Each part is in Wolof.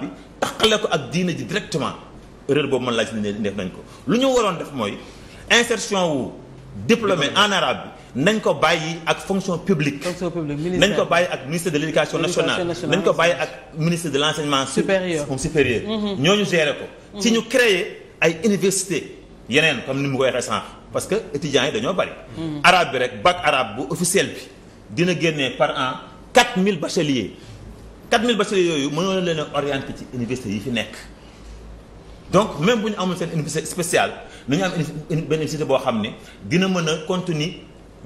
bi taxale ko ak diine ji directement erreur boobu man laa ci ne def nañ ko lu ñu waroon def mooy insertion wu diplômé en arabe bi nañ ko bàyyi ak fonction publique nañ ko bàyyi ak ministre de l'éducation nationale nañ ko bàyyi ak ministre de l'enseignement supérieur supérieur mhm. ñooñu gérer ko mhm. ci ñu créer ay université yeneen comme ni mu ko waxee sànq parce que étudiants yi dañoo bari mhm. arabe bi rek bac arabe bu officiel bi dina génnee par an 4000 4000 bacheliers yooyu mënoo leen a orienté ci université yi fi nekk donc même bu ñu amul seen université spéciale nañu am benn université boo xam ne dina mën a continue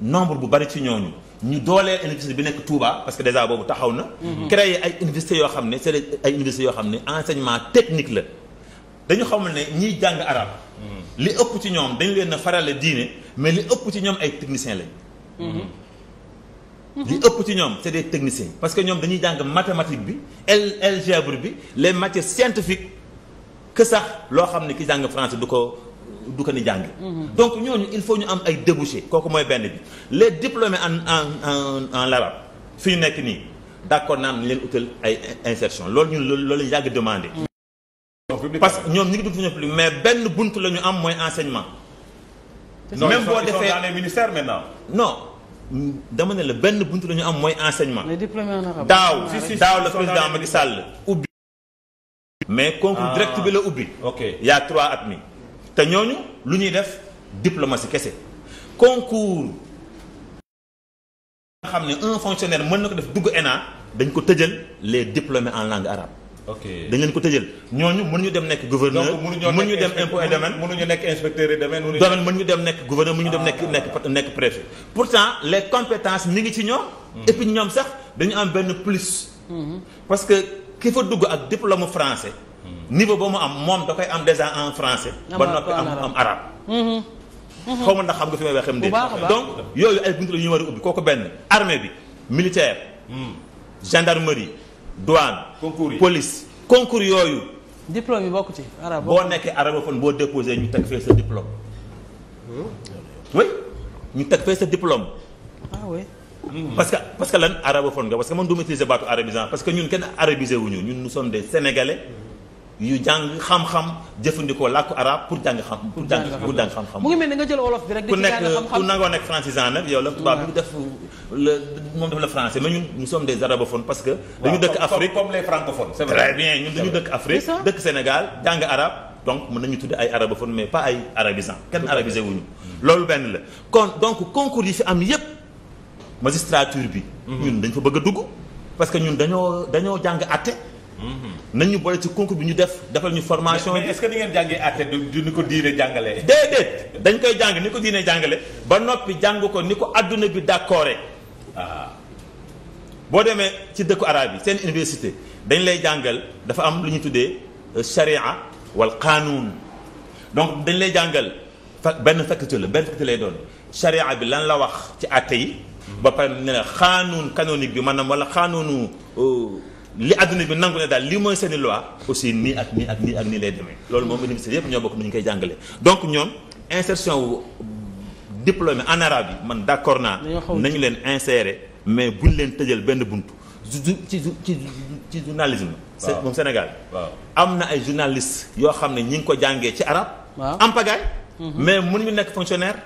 nombre bu bari ci ñooñu ñu doolee université bi nekk Touba parce que déjà boobu taxaw na. Mhm. créer ay université yoo xam ne c'est ay université yoo xam ne enseignement technique la dañu xamul ne ñiy jàng arab mhm. li ëpp ci ñoom dañu leen a farale diine mais li ëpp ci ñoom ay techniciens lañ. Mhm. li ëpp ci ñoom c'est des techniciens parce que ñoom dañuy jàng mathématique bi algèbre bi les matières scientifiques que loo xam ne ki jàng français du ko du ko ni jàng mhm. donc ñooñu il faut ñu am ay débouchés kooku mooy benn bi les diplômés en en en en arabe fi ñu nekk nii d'accord naan leen utal ay insertion loolu lool loolu yàgg demandé mm. parce que ñoom ñu ngi dugg fi public mais benn bunt la ñu am mooy enseignement même boo defee dans les ministères maintenant non dama ne la benn buntu la ñu am mooy enseignement. daaw daaw la président Macky Sall ubbi. mais concours ah, direct bi la ubbi. ok trois at mi. te ñooñu lu ñuy def diplomatie kese concours. nga xam ne un fonctionnaire mën na ko def dugg ENA dañ ko tëjal les diplômés en langue arabe. ok dañ leen ko tëjal ñooñu mënuñu dem nekk gouverneur mënuñu dem impôt et domaine mënuñu nekk et domaine domaine mënuñu dem nekk gouverneur mënuñu dem nekk ah. nekk nekk préfet pourtant les compétences mi ngi ci ñoom hmm. et puis ñoom sax dañu am benn plus hmm. parce que ki fa dugg ak diplôme francais hmm. niveau ba mu am moom da koy am déjà en français ah, ba noppi am am arabe xaw ma ndax xam nga fi may waxee mu donc yooyu ay buntu la ñu war a ubbi ko benn armée bi militaire gendarmerie douane. concours yi police concours yooyu. diplôme yi bokk ci arabe boo nekkee arabophone boo déposé ñu teg fee sa diplôme. oui ñu teg fee sa diplôme. ah oui. Hmm. parce que parce que lan arabophone nga parce que man du ma baatu arabisant parce que ñun kenn arabisé wuñu ñun nous sommes des sénégalais. yu jàng xam-xam jëfandikoo làkku arab pour jàng xam pour jàng pour xam-xam mu ngi mel ni nga jël wolof bi rek ku nekk ku nangoo nekk francisant nag yow la tubaab bi def la moom def la français mais ñun nous sommes des arabophones parce que dañu dëkk dañu dëkk Afrique dëkk Sénégal jàng arab donc mën nañu tudde ay arabophones mais pas ay arabisant kenn arabisé wuñu loolu benn la kon donc concours yi fi am yépp magistrature bi mm-hmm. ñun dañ fa bëgg a dugg nañ ñu boole ci concours bi ñu def defal ñu formation. mais ce que ni ngeen jàngee àtte du ni ko diine jàngalee. déedéet dañ koy jàng ni ko diine jàngale ba noppi jàng ko ni ko àdduna bi d'accordé. Ah. boo demee ci dëkku araab yi seen université dañ lay jàngal dafa am lu ñu tuddee euh, sharia wal qaanuun donc dañ lay jàngal fa benn faculté la benn faculté lay doon sharia bi lan la wax ci àtte yi. ba pare ne la xaanuun canonique bi maanaam wala xaanuunu. Euh, li àdduna bi nangu ne daal lii mooy seen i loi aussi nii ak nii ak nii ak nii lay demee loolu moom université yëpp ñoo bokk nu ñu koy jàngale donc ñoom insertion wu diplômé en arabe yi man d'accord naa nañu leen insérer mais bu buñ leen tëjal benn buntu ci ci ci journalisme moom Sénégal am na ay journaliste yoo xam ne ñi ngi ko jàngee ci arabe am pagaille mhm. mais mën ñu nekk fonctionnaire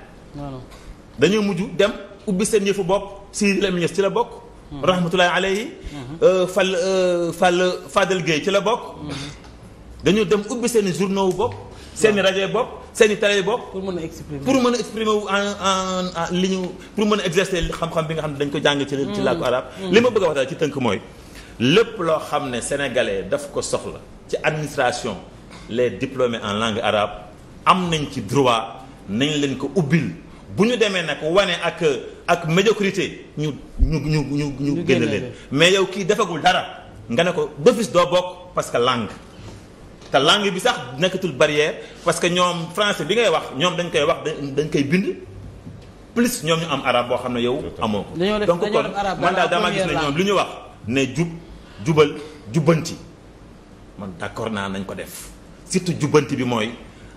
dañoo mujj dem ubbi seen yëfu bopp si la la bokk rahmatullahi alayhi fal euh, fal euh, Fadel Gueye ci la bokk dañoo dem ubbi seen journaux wu bopp seen rajo bopp seen i télé bopp pour mën a exprimer pour mën a exprimer wu en li ñu pour mën a exercer xam-xam bi nga xam ne dañ ko jàng ci ci làkku arab mm. li ma mm. bëgg a wax ci tënk mooy lépp loo xam ne sénégalais daf ko soxla ci administration les diplômés en langue arabe am nañ ci droit nañ leen ko ubbil bu ñu demee nag wane ak ak médiocrité ñu ñu ñu ñu ñu génn leen mais yow kii defagul dara nga ne ko d'office doo bokk parce que langue te langue bi sax nekkatul barrière parce que ñoom français bi ngay wax ñoom dañ koy wax dañ koy bind plus ñoom ñu am arabe boo xam ne yow amoo ko donc kon man laa dama gis ne ñoom lu ñu wax ne jub jubal jubbanti man d'accord naa nañ ko def surtout jubbanti bi mooy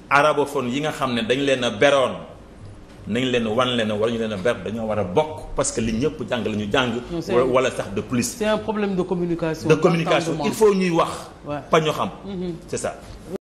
arabophone yi nga xam ne dañ leen a beroon nañ leen wan leen war ñu leen a dañoo war a bokk parce que li ñëpp jàng la ñu jàng. wala sax de plus. c'est un problème de communication. de communication il faut ñuy wax. pa xam mm-hmm. c'est ça.